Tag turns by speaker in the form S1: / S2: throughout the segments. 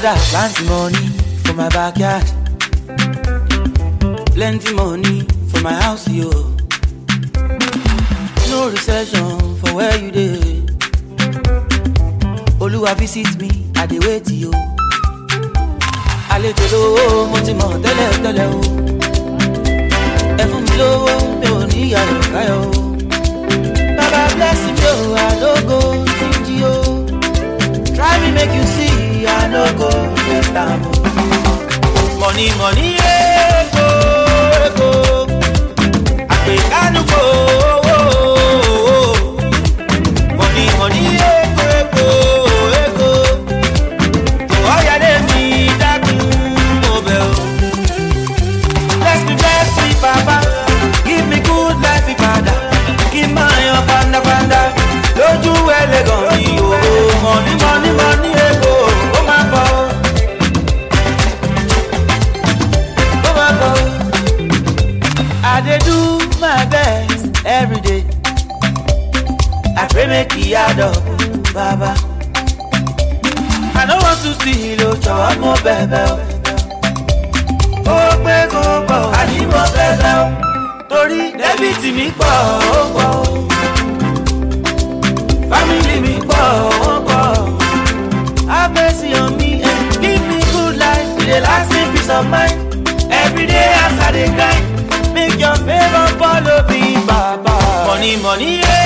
S1: father plenty money for my backyard plenty money for my house yo no recession for where you dey olúwa visit me i dey wait yo àlejò lówó mo ti mọ̀ tẹ́lẹ̀ tẹ́lẹ̀ o ẹ fún mi lówó mi ò ní ìyàwó káyọ̀ baba bless I don't go stingy o try me make you see money, I no go get Money, money, ego, ego. I pay, I no go. we add up, Baba. I don't want to see you, Chawa mo bẹ̀bẹ̀ o. Ó pé kó pọ̀, àní mo bẹ̀bẹ̀ o. Torí dẹ́bìtì mi pọ̀, ó pọ̀ o. Fámìlì mi pọ̀, ó pọ̀ o. Abẹ́sí on me eh, and give me good life. It dey last me peace of mind. Every day as I dey grind. Make your favor follow me, Baba. Money, money, yeah.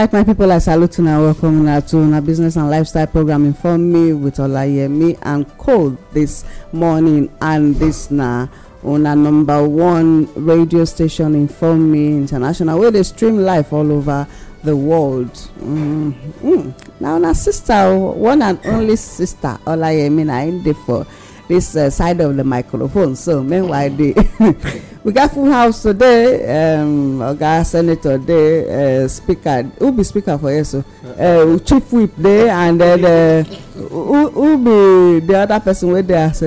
S2: alright my people i salute and welcome una to our business and lifestyle program inform me with olayemi and co this morning and this now on our number one radio station inform me international where they stream live all over the world mm-hmm. mm -hmm. na una sister one and only sister olayemi na im for this uh, side of the microphone so meanwhile the. we get full house today um, oga senator dey uh, speaker who be speaker for here so uh, chief whip dey and then uh, who who be the other person wey dey as uh,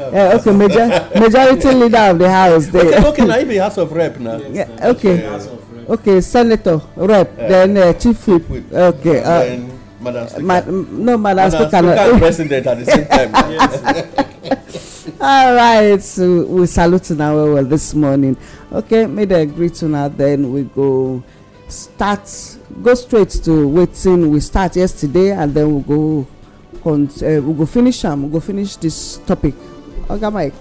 S2: uh, okay major majority leader of the house dey. okay okay na he
S3: be house of rep na. yeah, okay
S2: okay senator rep uh, then uh, chief whip okay. Uh,
S3: Madam Speaker. Ma no, Madam Speaker. Madam Speaker and President at the same time. yes
S2: all right so we salute una well well this morning okay make dem greet now then we go start go straight to wetin we start yesterday and then we go eh, we go finish am um, we go finish this topic oga mike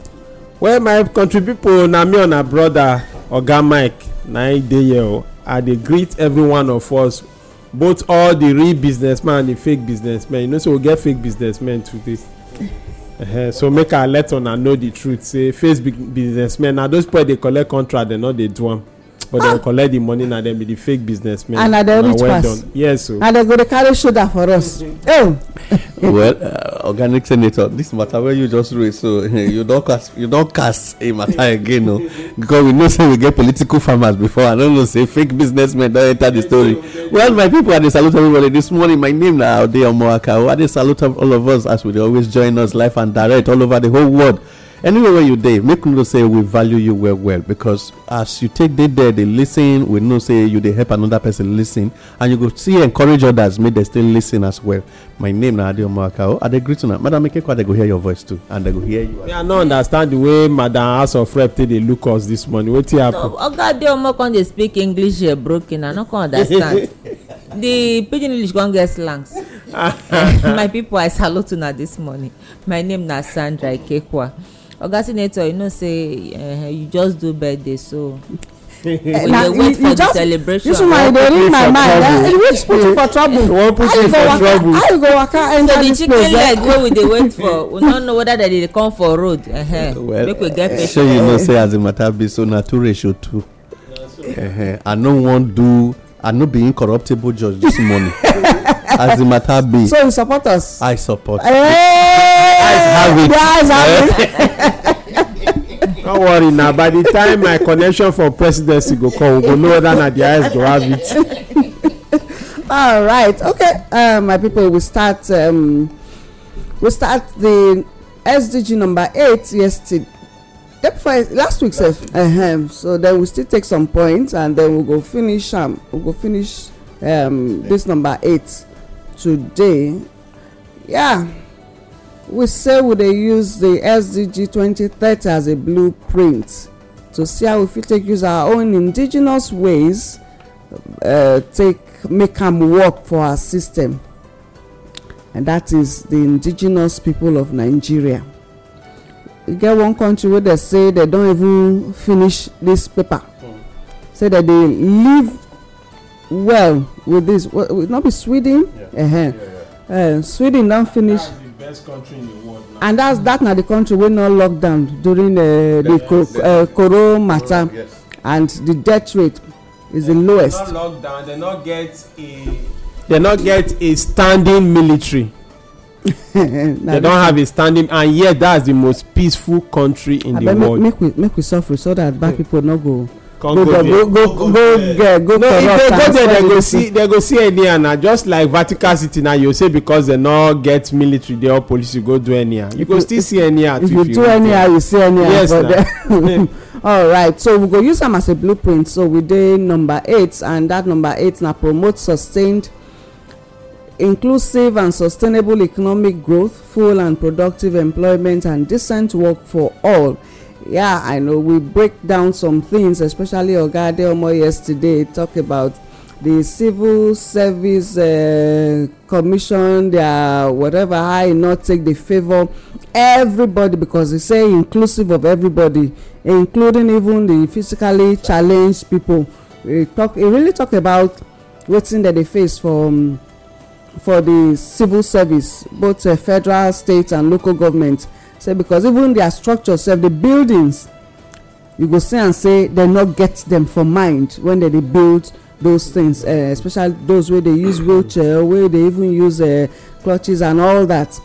S4: well my country pipo na me and my broda oga mike na im dey here o oh. i dey greet every one of us both all the real businessmen and di fake businessmen you know say we get fake businessmen today so make i let una know the truth say facebook businessmen na those people dey collect contract dem no dey do am but dem ah. collect the money na dem be the fake
S3: businessmen and na dem reach pass yes o and
S2: dem go dey carry shoulder for us oh.
S3: well uh, organic senator dis matter wey you just raise so you don cast you don cast a matter again o because we know say we get political farmers before i no know say fake businessmen don enter the story well my people i dey salute everybody this morning my name na ode omoakawo oh, i dey salute all of us as we dey always join us live and direct all over the whole world anywhere you dey make know say we value you well well because as you take dey there dey listen we know say you dey help another person listen and you go see encourage others make dem still listen as well my name na adeomo akao i dey greet una madam ikekwa dey go hear your voice too and dem go hear you.
S4: me i no understand the way madam house of rep take dey look us this morning wetin happen.
S5: oga adeomo come dey speak english here broken i no come understand the pidgin english come get slangs. my people i salute una this morning my name na sandra ikekwa oga senator you know say uh, you just do birthday so eh, we dey wait for celebration. this one dey ring my mind eh? which put you
S3: for trouble how you go waka how you go waka enter this place. so the chicken leg wey we dey wait for
S5: we no know whether they dey come for road uh -huh. make we get patient. shey you know say
S3: as the matter be so na two ratio two i no wan do i no be incorruptible judge this morning. as the matter be. so you support us. i support.
S1: Hey! eyes have it. the
S3: eyes
S4: have it. no worry na by the time my connection for presidency go come we go know whether na the eyes go have it.
S2: all right okay uh, my people we start um, we start the sdg number eight yesterday last week sir. uh -huh. so then we still take some points and then we go finish um, we go finish um, this number eight today yeah we say we they use the sdg 2030 as a blueprint to see how if we take use our own indigenous ways uh, take make them work for our system and that is the indigenous people of nigeria You get one country where they say they don't even finish this paper mm. say that they dey leave well with this well, it not be sweden yeah. Uh -huh. yeah, uh, sweden don finish and that's that na the country wey no lock down during uh, the co uh, eh, coro matter yes.
S4: and the death rate is the lowest. they no get a standing military. they don have a standing and yet that's the most peaceful country in I ah, the world. abeg make
S2: we make we suffer so that bad people no go go
S4: there go
S3: go go there go corrupt and
S2: go there go see
S4: they go see anyhow na just like vatican city na you say because dem no get military dey all police you go do anyhow you go still see anyhow if you do anyhow you see anyhow yes na
S2: all right so we go use am as a blueprint so we dey number eight and that number eight na promote sustained inclusive and sustainable economic growth full and productive employment and decent work for all yeah i know we break down some things especially oga adeomo yesterday talk about the civil service uh, commission their whatever how e not take the favour everybody because e say inclusive of everybody including even the physically challenged people e talk e really talk about wetin dem dey face for um, for the civil service both uh, federal state and local government say because even their structure sef the buildings you go see am say dem no get dem for mind when dem dey build those things eh, especially those wey dey use wheelchair wey dey even use eh, clutches and all that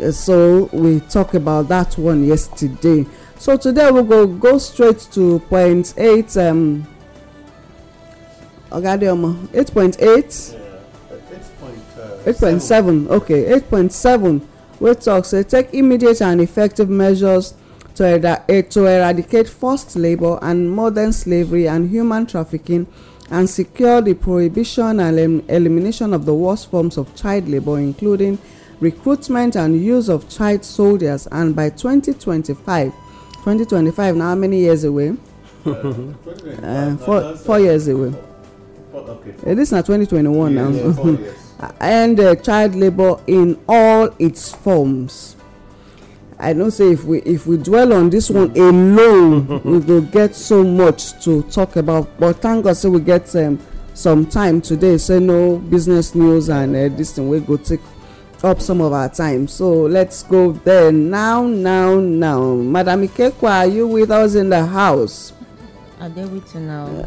S2: eh, so we talk about that one yesterday so today we go go straight to point eight um, ogadeomo eight point eight uh, eight point seven okay eight point seven wey tok say take immediate and effective measures to eh, eradicate forced labour and modern slavery and human trafficking and secure di prohibition and elimination of the worst forms of child labour including recruitment and use of child soldiers and by 2025 2025 na how many years away?
S3: Uh,
S2: four years away eh, this na 2021 now end uh, child labour in all its forms i know say if we if we dwell on this one alone we go get so much to talk about but thank god say we get um, some time today say no business news and uh, this thing We go take up some of our time so let's go there now now now madam ikekwa are you with us in the house.
S5: Are they with you now.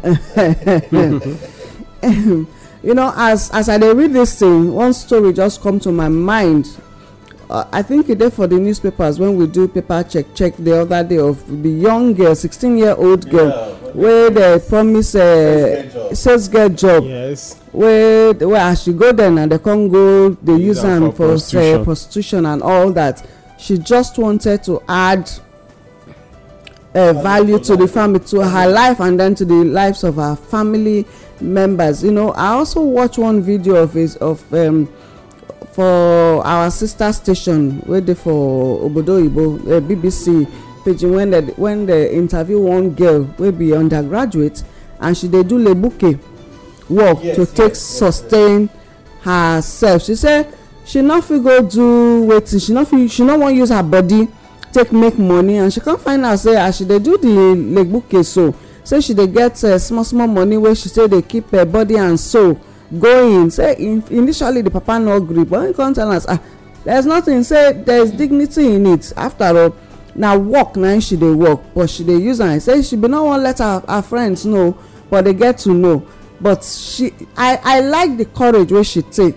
S2: you know as as i dey read this thing one story just come to my mind uh, i think e dey for the newspapers when we do paper check check the other day of the young girl sixteen year old girl wey dey promise uh, sales girl job wey as she go there na dem come go dey use am for uh, prostitution and all that she just wanted to add value to the family to her life and then to the lives of her family members you know i also watch one video of his of um, for our sister station wey dey for obodo oyibo uh, bbc pidgin when they when they interview one girl wey be undergraduate and she dey do lebuke work yes, to yes, take yes, sustain yes. herself she say she no fit go do wetin she no fit she no wan use her body take make money and she come find out say as she dey do the lebuke so say she dey get uh, small small money wey she say dey keep her body and soul going say initially the papa no gree but he come tell us ah there is nothing say there is dignity in it after all na work na she dey work but she dey use am say she be no wan let her her friends know but they get to know but she i i like the courage wey she take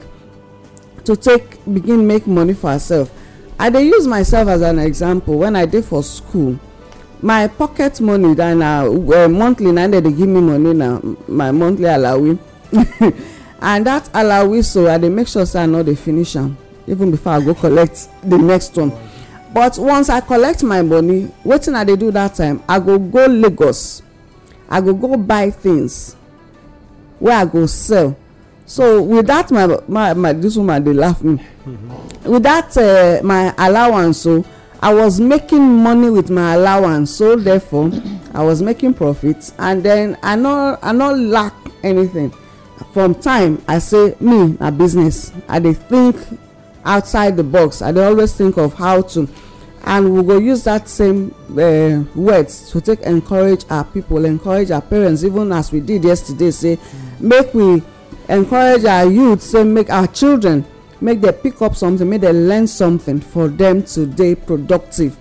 S2: to take begin make money for herself i dey use myself as an example when i dey for school my pocket money that na uh, monthly na dem dey give me money na my monthly alawi and that alawi so i dey make sure say i no dey finish am even before i go collect the next one but once i collect my money wetin i dey do that time i go go lagos i go go buy things wey i go sell so with that my my, my this woman dey laugh me mm-hmm. with that uh, my allowance o. So, i was making money with my allowance so therefore i was making profit and then i no i no lack anything from time i say me na business i dey think outside the box i dey always think of how to and we go use that same uh, words to take encourage our people encourage our parents even as we did yesterday say make we encourage our youth say make our children make them pick up something make them learn something for them to dey productive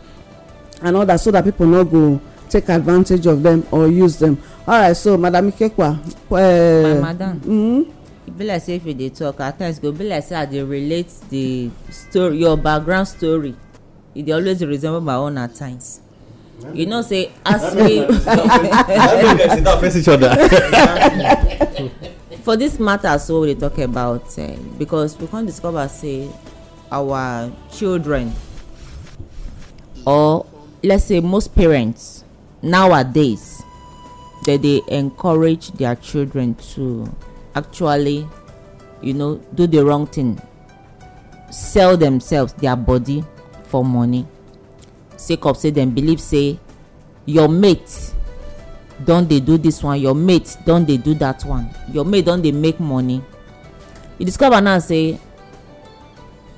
S2: and all that so that people no go take advantage of them or use them all right so madam ikekwa. Uh, eh, my
S5: madam mm -hmm. e be like say if you dey talk at times go be like say i dey relate the story your background story e dey always resemble my own at times you know say as we. i mean we sit down face each other. for this matter so we dey talk about uh, because we come discover say our children or let's say most parents nowadays they dey encourage their children to actually you know do the wrong thing sell themselves their body for money sake of say dem believe say your mate don dey do this one your mate don dey do that one your mate don dey make money you discover now say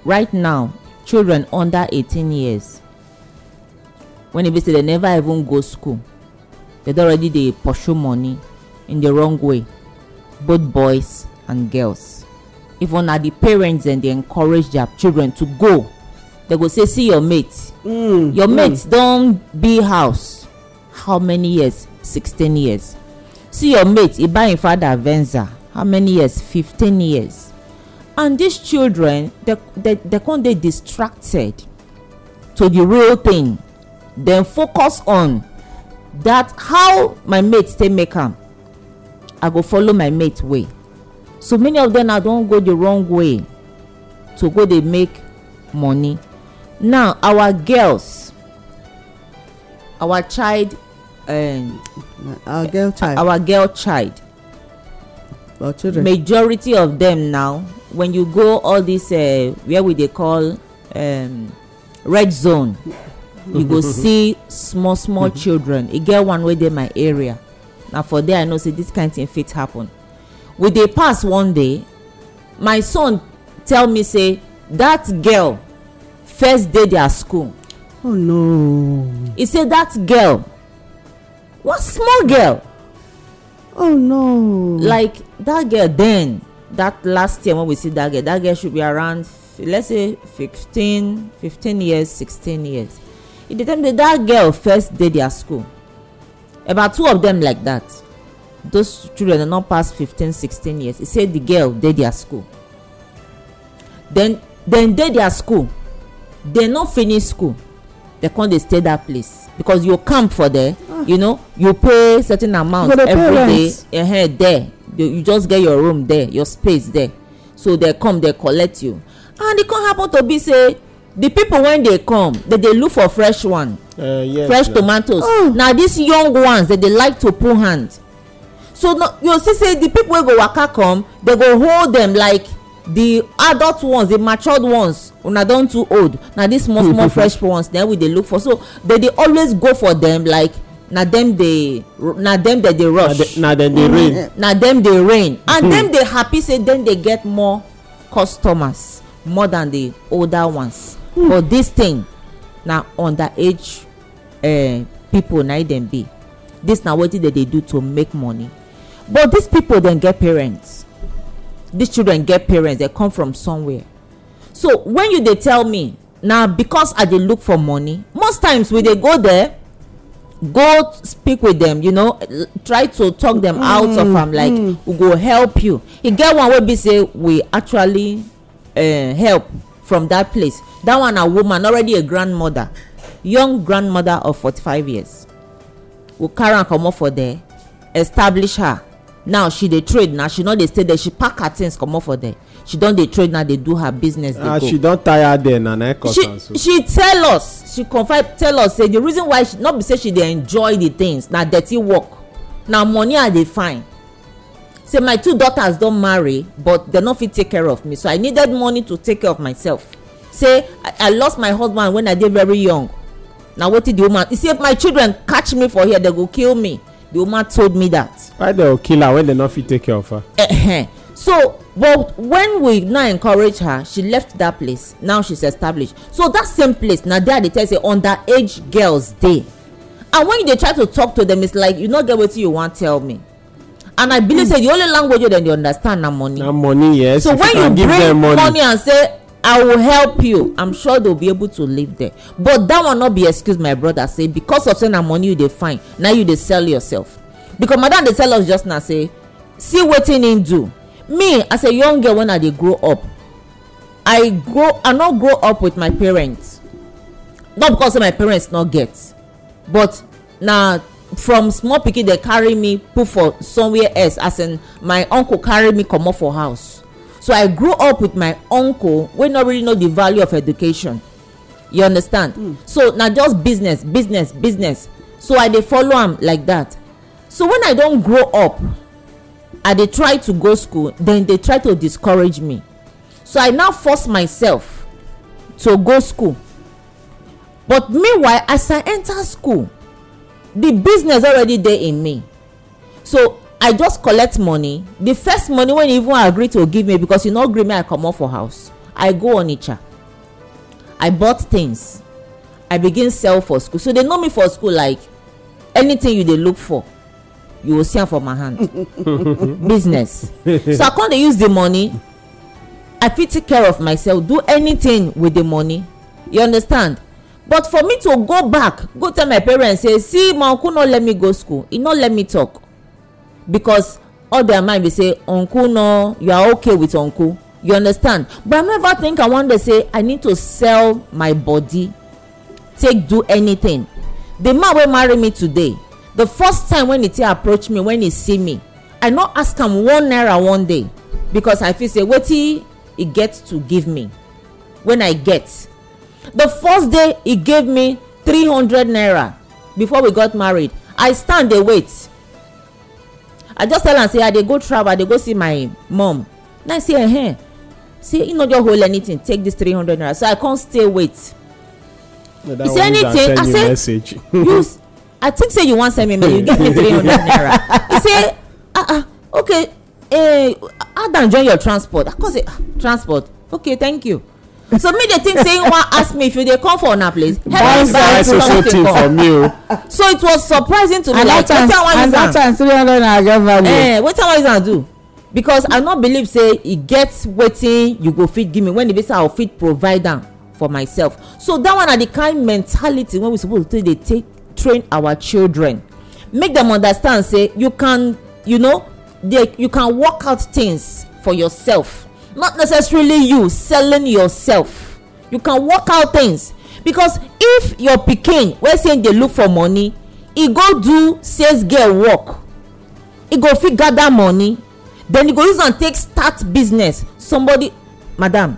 S5: right now children under eighteen years when e be say dem never even go school dem don already dey pursue money in the wrong way both boys and girls even na the parents dem dey encourage their children to go They go say see your mate mm, your mm. mate mm. don be house how many years sixteen years see your mate ibayin father venza how many years fifteen years and these children dey dey dey come dey distracted to the real thing dem focus on that how my mate take make am i go follow my mate way so many of them now don go the wrong way to go dey make money now our girls our child um, our girl child our girl child our children majority of them now when you go all this uh, where we dey call um, red zone
S1: you go see
S5: small small mhm. children e get one wey dey my area na for there i know say this kind thing fit happen we dey pass one day my son tell me say that girl first day their school oh no he say that girl one small girl oh no like that girl then that last year when we see that girl that girl should be around let's say fifteen fifteen years sixteen years e dey tell me that girl first dey their school about two of them like that those children dey not pass fifteen sixteen years e say the girl dey their school then then dey their school dem no finish school dem come dey stay that place because you camp for there you know you pay certain amount every parents. day uh -huh, there you, you just get your room there your space there so they come they collect you and it come happen to be say the people when they come dey dey look for fresh one uh, yes, fresh yeah. tomatoes oh. na these young ones dey dey like to pull hand so no, you see say the people wey go waka come they go hold them like the adult ones the matured ones una don too old na these small small fresh ones dem we dey look for so they dey always go for them like na dem dey na dem dey dey rush na dem dey rain mm. na dem dey rain and dem mm-hmm. dey happy say dem dey get more customers more than the older ones hmm. but this thing na underage uh, people na dem be this na wetin dem dey do to make money but these people dem get parents these children get parents dem come from somewhere so when you dey tell me na because i dey look for money most times we dey go there go speak with them you know try to talk them out of am mm, um, like mm. we go help you e get one wey be say we actually eh, help from that place that one na woman already a grandmother young grandmother of forty-five years we carry am comot for there establish her now she dey trade Now she no dey stay there she pack her things comot for there she don dey trade now dey do her business dey ah, go. ah she
S4: don tire there na na cause
S5: am so. she tell us she confide tell us say the reason why she no be say she dey enjoy the things na dirty work na money i dey find say my two daughters don marry but dem no fit take care of me so i needed money to take care of myself say i, I lost my husband when i dey very young na wetin the woman you see if my children catch me for here they go kill me the woman told me that. why they go kill
S4: her when they no fit take care of
S5: her so but when we now encourage her she left that place now she's established so that same place na there dey tell say underage girls dey and when you dey try to talk to them it's like you no get wetin you wan tell me and i believe mm. say the only language wey dem dey understand na money na money yes so when you, bring money. money and say i will help you i'm sure they'll be able to live there but that one no be excuse my brother say because of say na money you dey find na you dey sell yourself because madam dey tell us just now say see wetin him do me as a young girl when i dey grow up i grow i no grow up with my parents not because say my parents no get but na from small pikin dey carry me put for somewhere else as in my uncle carry me comot for house so i grow up with my uncle wey no really know the value of education you understand mm. so na just business business business so i dey follow am like that so when i don grow up i dey try to go school then they try to discourage me so i now force myself to go school but meanwhile as i enter school the business already dey in me so i just collect money the first money wey you even agree to give me because you no gree me i comot for house i go onitsha i bought things i begin sell for school so they know me for school like anything you dey look for you go see am for my hand business so i come dey use the money i fit take care of myself do anything with the money you understand but for me to go back go tell my parents say see my uncle no let me go school he no let me talk because all their mind be say uncle no you are okay with uncle you understand but i never think i wan dey say i need to sell my body take do anything the man wey marry me today the first time when iti approach me when he see me i no ask am one naira one day because i feel say wetin he get to give me when i get the first day he give me three hundred naira before we got married i stand dey wait i just tell am say i dey go travel i dey go see my mom na i say ehen say e no just hold anything take this three hundred naira so i come stay wait you say anything i say use. i think say you wan send me money you give me three hundred naira he say ah ah okay eh add am join your transport i come say ah transport okay thank you so me dey think say he wan ask me if you dey come for una place help me buy something for me o. Oh. so it was surprising to me like wetin i wan use am and that time three hundred naira get value. eh wetin i wan use am do because i no believe say e get wetin you go fit give me when e be say i go fit provide am for myself so that one na the kind mentality wey we suppose to dey take train our children make them understand say you can you know they, you can work out things for yourself not necessarily you selling yourself you can work out things because if your pikin wey say dey look for money e go do sales girl work e go fit gather money then e go use am take start business somebody madam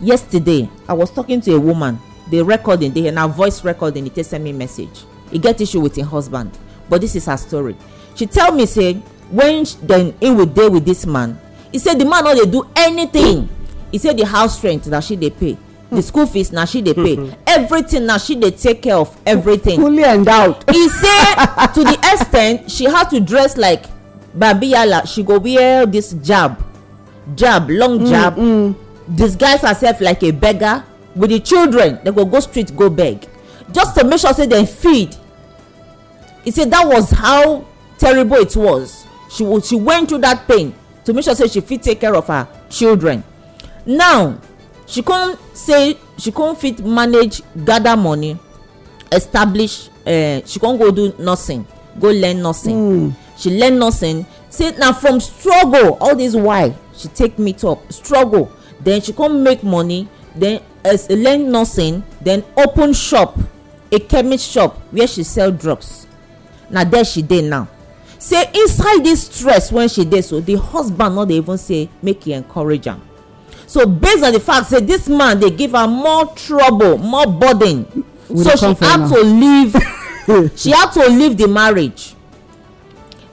S5: yesterday i was talking to a woman the recording the na voice recording e take send me message He get issue with im husband but this is her story she tell me say when dem im go dey with this man He say the man no dey do anything He say the house rent na she dey pay the school fees na she dey pay everything na she dey take care of everything fully endowed He say to the extent she had to dress like babi she go wear this jab jab long mm, jab mm. disguise herself like a beggar with the children dem go go street go beg just to make sure say dem feed He say that was how terrible it was she she went through that pain to make sure say she fit take care of her children now she come say she come fit manage gather money establish uh, she come go do nursing go learn nursing mm. she learn nursing say na from struggle all this why she take meet up struggle then she come make money then as eh, learn nursing then open shop a chemist shop where she sell drugs na there she dey now say inside this stress when she dey so the husband no dey even say make he encourage am so based on the fact say this man dey give her more trouble more burden With so she had to leave she had to leave the marriage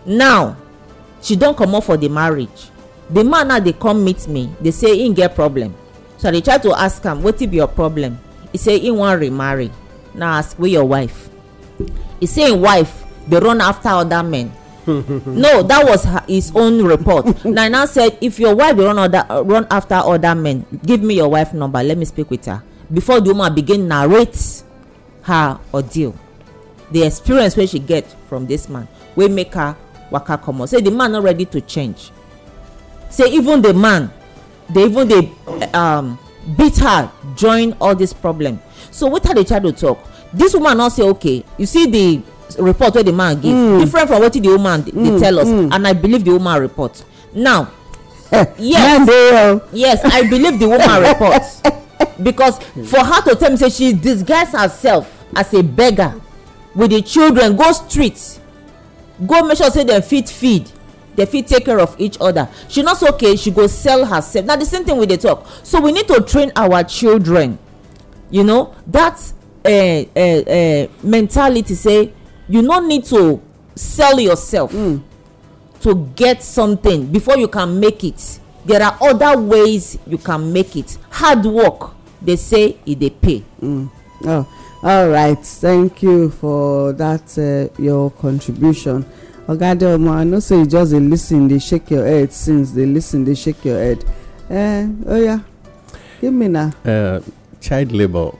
S5: now she don comot for the marriage the man now dey come meet me dey say him get problem so i dey try to ask am wetin be your problem he say he wan remarry na ask wey your wife e say im wife dey run after other men no that was his own report naina said if your wife dey run other run after other men give me your wife number let me speak with her before the woman begin narrate her ordeal the experience wey she get from this man wey make her waka comot say the man no ready to change say even the man dey even dey um, beat her join all this problem so wetin the child dey talk this woman now say okay you see the report wey the man give mm. different from wetin the woman dey mm. tell us mm. and i believe the woman report now yes yes i believe the woman report because for her to tell me say she disguise herself as a beggar with the children go street go make sure say dem fit feed dem fit take care of each other she no so okay she go sell herself na the same thing we dey talk so we need to train our children you know that uh, uh, uh, mentality say you no need to sell yourself mm. to get something before you can make it there are other ways you can make it hard work dey say e dey pay. Mm. Oh, all right thank you for
S2: that uh, your contribution oga adeomo i know say you just dey lis ten dey shake your head since dey lis ten dey shake your head eh, oya oh yeah. give me na.
S3: Uh, child labor,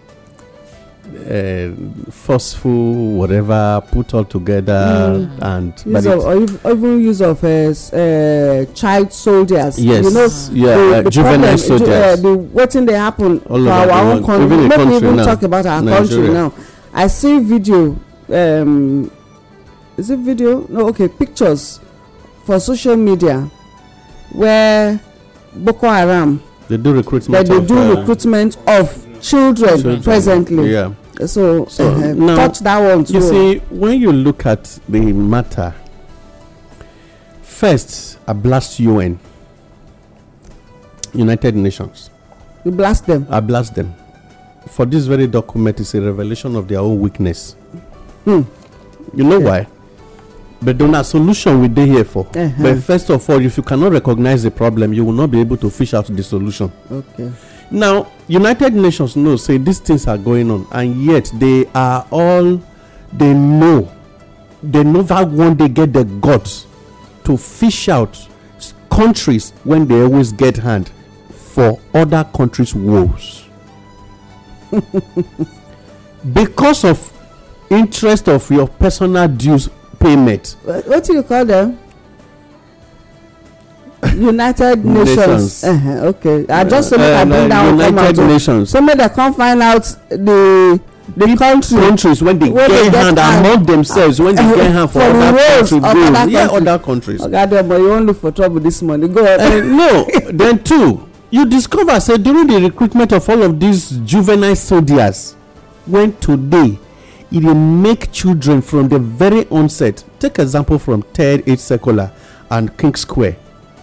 S3: uh, forceful, whatever, put all together, mm. and use
S2: of, or even use of uh, uh child soldiers. Yes, you know, yeah, the, uh, the juvenile problem, uh, soldiers. what thing they happen all for our own country? Even Let country even now. talk about our Nigeria. country now. I see video. Um, is it video? No, okay, pictures for social media where
S3: Boko Haram. They do recruitment. That they do uh,
S2: recruitment of children, children. presently. Yeah. So, so uh, now, touch that one too. You see,
S3: when you look at the matter, first, I blast UN, United Nations. You blast them? I blast them. For this very document is a revelation of their own weakness. Hmm. You know okay. why? But then a solution we they here for. Uh-huh. But first of all, if you cannot recognize the problem, you will not be able to fish out the solution. Okay. now united nations know say these things are going on and yet they are all they know they never one day get the guts to fish out countries when they always get hand for other countries woes because of interest of your personal dues payment.
S2: what do you call them united
S3: nations,
S2: Uh -huh, okay i just so make i uh, bring down come out nations. so make dem come find out
S3: the the country
S2: countries
S1: when they get, they get hand, hand among themselves when they uh-huh. get hand for,
S2: for other countries go yeah other countries. oga demo you wan look for trouble this morning go ahead. Uh,
S3: no then two you discover say during the recruitment of all of these juvenile soldiers when today e dey make children from the very onset take example from third age secular and king square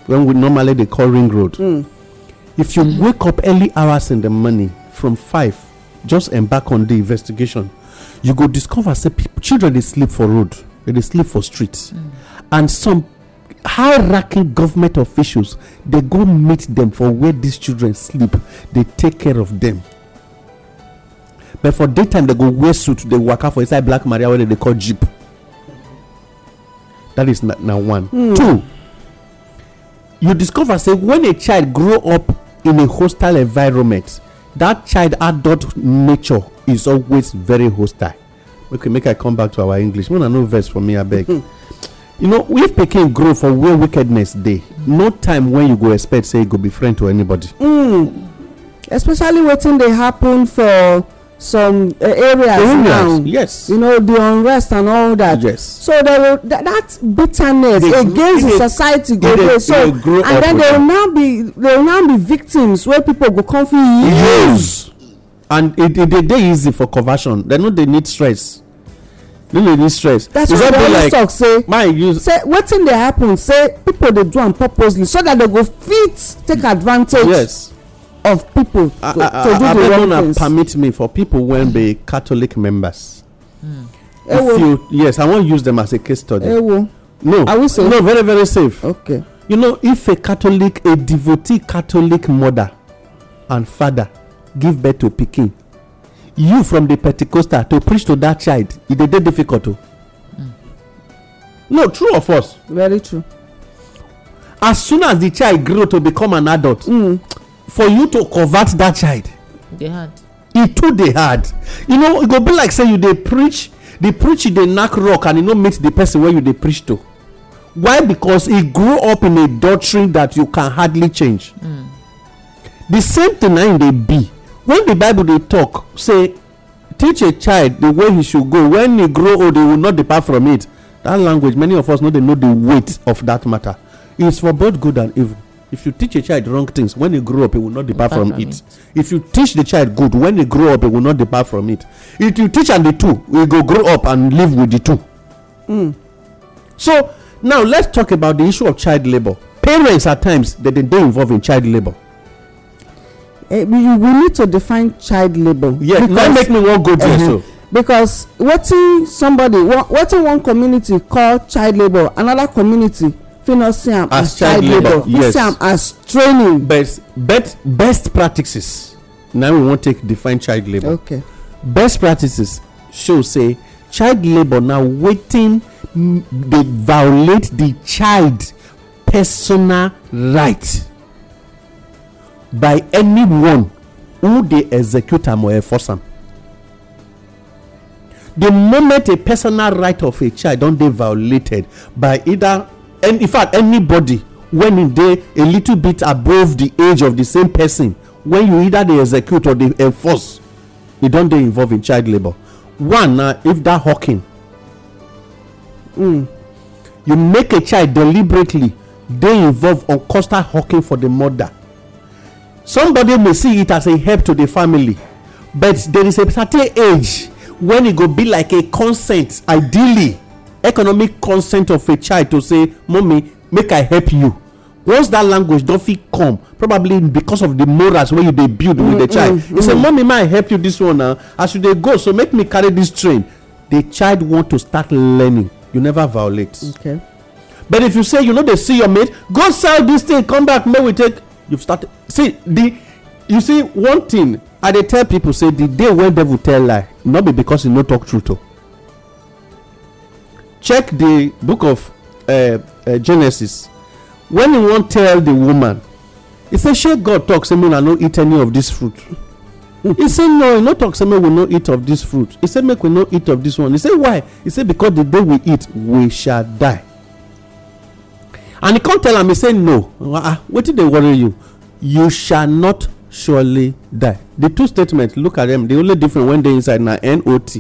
S3: when we normally they call ring road. Mm. If you wake up early hours in the morning from five, just embark on the investigation, you go discover say people, children they sleep for road, they sleep for streets, mm. and some high-ranking government officials they go meet them for where these children sleep. They take care of them. But for daytime, they go wear suit. They work out for inside Black Maria where they call jeep. That is now one. Mm. Two. you discover say when a child grow up in a hostile environment that child adult nature is always very hostile okay make i come back to our english una no verse for me abeg you know if pikin grow for where wickedness dey no time when you go expect say you go be friend to anybody. Mm. especially wetin dey happen for
S2: some uh, areas, areas now yes you know the unrest and all that yes so there will th that bitterness they, against the society go dey so and then they will now be they will now be victims where people go come for
S3: use. use and it dey dey easy for conversion They no dey need stress no dey need stress. that's why they always talk
S2: say My use say wetin dey happen say people dey do am purposely so that they go fit take
S3: advantage. yes of pipo to do the wrong things permit me for people when be catholic members hmm. if you yes i won't use them as a case study no no very very safe okay you know if a catholic a devotee catholic mother and father give birth to pikin you from the pentecostal to preach to that child e dey dey difficult o oh. hmm. no true or false very true as soon as the child grow to become an adult hmm for you to convert that child dey hard e too dey hard you know e go be like say you dey preach the preach dey knack rock and e no meet the person wey you dey preach to why because e grow up in a doctrine that you can hardly change hmm. the same thing na im dey be when the bible dey talk say teach a child the way he should go when he grow old he will not depart from it that language many of us no dey know the weight of that matter it's for both good and evil If you teach a child wrong things, when he grow up, he will not depart, from, from it. it. If you teach the child good, when he grow up, he will not depart from it. If you teach and the two, he go grow up and live with the two. Mm. So now let's talk about the issue of child labour. Parents at times they they dey involved in child labour.
S2: Uh, eh, we, we need to define child labour. yes na make me wan go there uh -huh. so. Uh-huh. because wetin somebody wetin one community call child labour, another community see am as child labour fit see am
S3: as training best best practices na we wan take define child labour okay best practices show say child labour na wetin dey violate di child personal right by anyone who dey execute am or enforce am the moment a personal right of a child don dey violated by either and in fact anybody when e dey a little bit above the age of the same person when you either dey execute or dey enforce e don dey involve in child labour one na uh, if that hawking mm, you make a child deliberately dey involve on constant hawking for the mother somebody may see it as a help to the family but there is a certain age when e go be like a consent ideally economic consent of a child to say "Mummy, make i help you once that language don fit come probably because of the morals wey you dey build with the mm, child mm, you say "Mummy, mm. may i help you this one now as you dey go so make me carry this train the child want to start learning you never violate okay but if you say you no dey see your mate go sell this thing come back make we take you've started see the you see one thing i dey tell people say the day wey devil tell lie no be because e no talk truth o check the book of uh, uh, genesis when he wan tell the woman he say shey god talk say make una no eat any of this fruit he say no he no talk say make we no eat of this fruit he say make we no eat of this one he say why he say because the day we eat we shall die and he come tell am he say no ah wetin dey worry you you shall not surely die the two statements look at them the only difference wey dey inside na not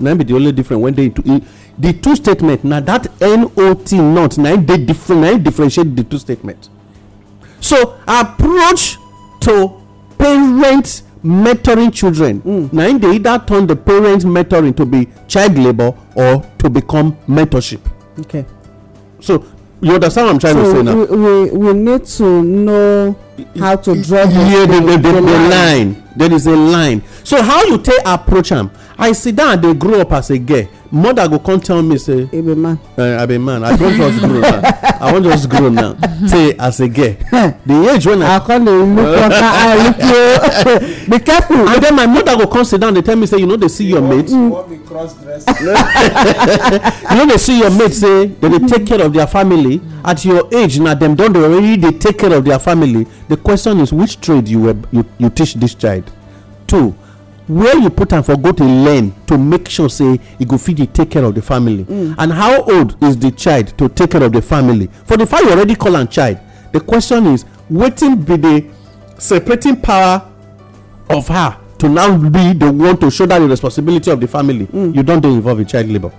S3: na be the only difference when they the two statement na that not not na im dey different na im differentiate the two statement so approach to parent mentoring children na im dey either turn the parent mentoring to be child labour or to become mentorship okay so you understand what i'm trying to say now so
S2: we we need to
S3: know how to draw the line there is a line so how you take approach am i sit down dey grow up as a girl mother go come tell me say i be eh, man i be man i don just grow now i wan just grow now say as a girl the age when i i come dey look waka eye look you be careful and then my mother go come sit down dey tell me say you no dey see your mate you no dey see your mate say dem dey take care of their family at your age na dem don dey already dey take care of their family the question is which trade you you you teach this child two where you put am for go dey learn to make sure say e go fit dey take care of the family mm. and how old is the child to take care of the family for the fact you already call am child the question is wetin be the separating power of her to now be the one to shoulder the responsibility of the family mm. you don dey involve in child labour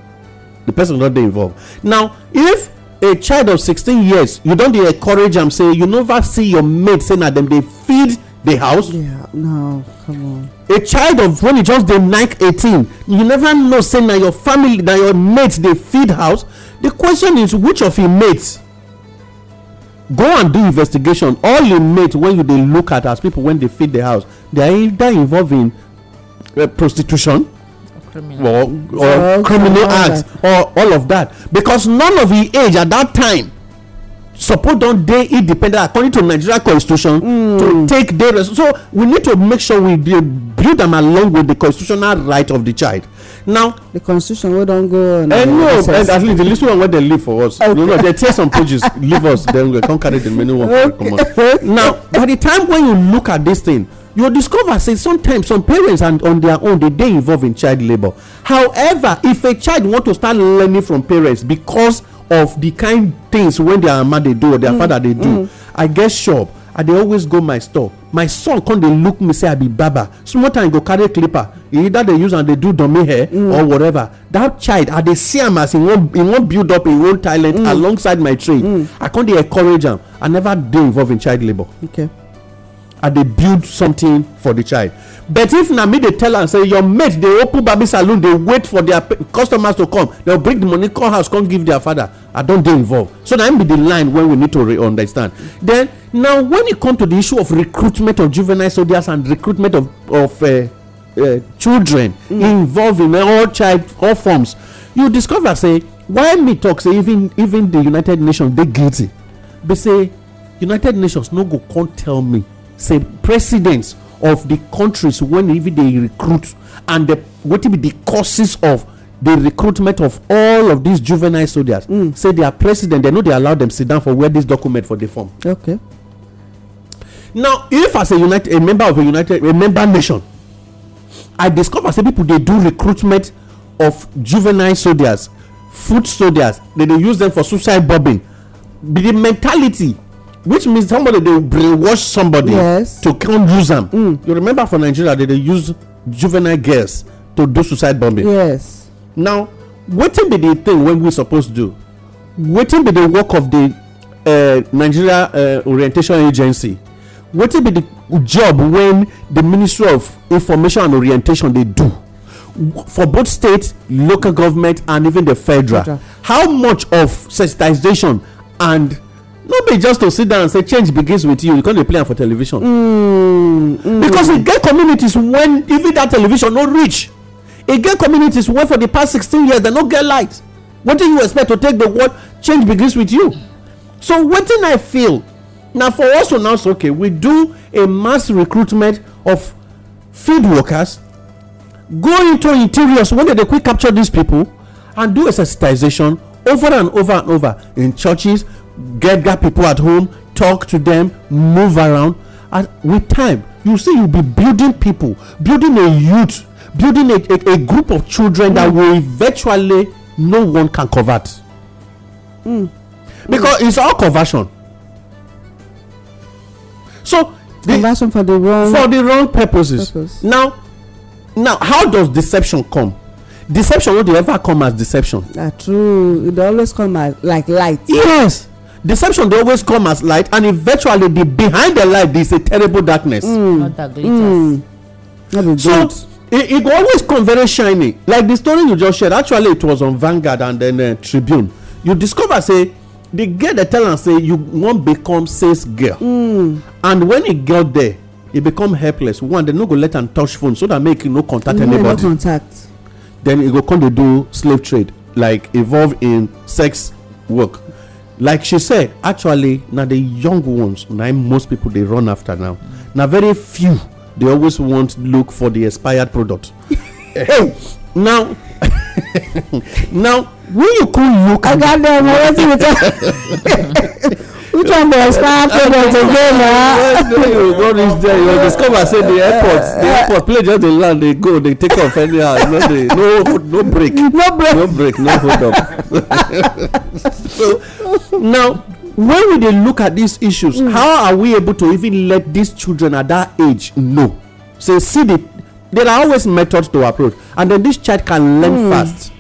S3: the person don dey involve now if a child of sixteen years you don dey encourage am say you never see your mate say na dem dey feed the house yeah no come on a child of when e just the like eighteen. you never know Saying that your family that your mates, they feed house the question is which of im mates go and do investigation all im mates when you they look at as people when they feed the house are either involving in eh, prostitution or criminal acts or all of that because none of im age at that time suppose don dey independent according to nigeria constitution to hmm. take dey rest so we need to make sure we dey build am along with the constitutional right of the child now the constitution wey don go on eh, uh, no eh, at least the little one wey dem live for us no no dem tear some pages leave us then we come carry the many one for comot now by the time when you look at this thing you discover say sometimes some parents and on their own dey dey involved in child labour however if a child want to start learning from parents because of the kind things wey their mama dey do or their mm, father dey do mm. i get shop i dey always go my store my son come dey look me say i be barber small time go carry clipper e either dey use am dey do dummy hair mm. or whatever that child i dey see am as he wan build up im own talent alongside my trade i come dey encourage am i never dey involve in child labour Okay. And dey build something for the child but if na me dey tell am say your mate dey open baby saloon dey wait for their customers to come dem bring the money come house come give their father i don dey involved so na im be the line wey we need to understand then now when e come to the issue of recruitment of juvenile soldiers and recruitment of of uh, uh, children mm. involved in uh, all child all forms you discover say why me talk say even even the united nations dey guilty be say united nations no go come tell me say presidents of the countries wen even dey recruit and wetin be the causes of the recruitment of all of these juvenile soldiers hmm. say dia president dem no dey allow dem sit down for where this document for dey form okay. now if as a united a member of a united a member nation i discover say people dey do recruitment of juvenile soldiers foot soldiers dem dey use them for suicide bombing be di mentality which means somebody dey brainwash somebody yes to come use am mm. you remember for nigeria they dey use juvenile girls to do suicide bombing yes now wetin be the thing wey we suppose do wetin be the work of the uh, nigeria uh, orientation agency wetin be the job wey the ministry of information and orientation dey do for both state local government and even the federal how much of sensitization and no be just to sit down and say change begins with you you con dey play am for television mm, mm. because e get communities when even that television no reach e get communities wey for di past sixteen years dem no get light wetin you expect to take the word change begins with you so wetin i feel na for us to announce okay we do a mass recruitment of field workers go into interiors wey dem dey quick capture these people and do a sensitization over and over and over in churches get get people at home talk to them move around and with time you see you'll be building people building a youth building a, a, a group of children mm. that will eventually no one can convert mm. because mm. it's all conversion so the, conversion for the wrong for the wrong purposes purpose. now now how does deception come deception will ever come as deception.
S2: na ah, true It always come as like light. yes
S3: deception dey always come as light and eventually the behind the light is a terrible darkness
S2: mm. Mm. so
S3: it, it, will always come very shiny like the story you just shared actually it was on vanguard and then uh, tribune you discover say the girl dey tell am say you wan become sales girl mm. and when e get there e become helpless one dem no go let am touch phone so that make e no contact mm, anybody no contact. then e go come dey do slave trade like involve in sex work like she said actually na the young ones na most people dey run after now na very few dey always want look for the expired product hey now now when you come look at oga dem wetin you talk which one dey expire product again na. when you go reach there you go discover say the airport the airport plane just dey land dey go dey take off anyhow no dey no no break no break no break no hold up so now when we dey look at these issues mm. how are we able to even let these children at that age know say see the there are always methods to approach and then this child can learn mm. fast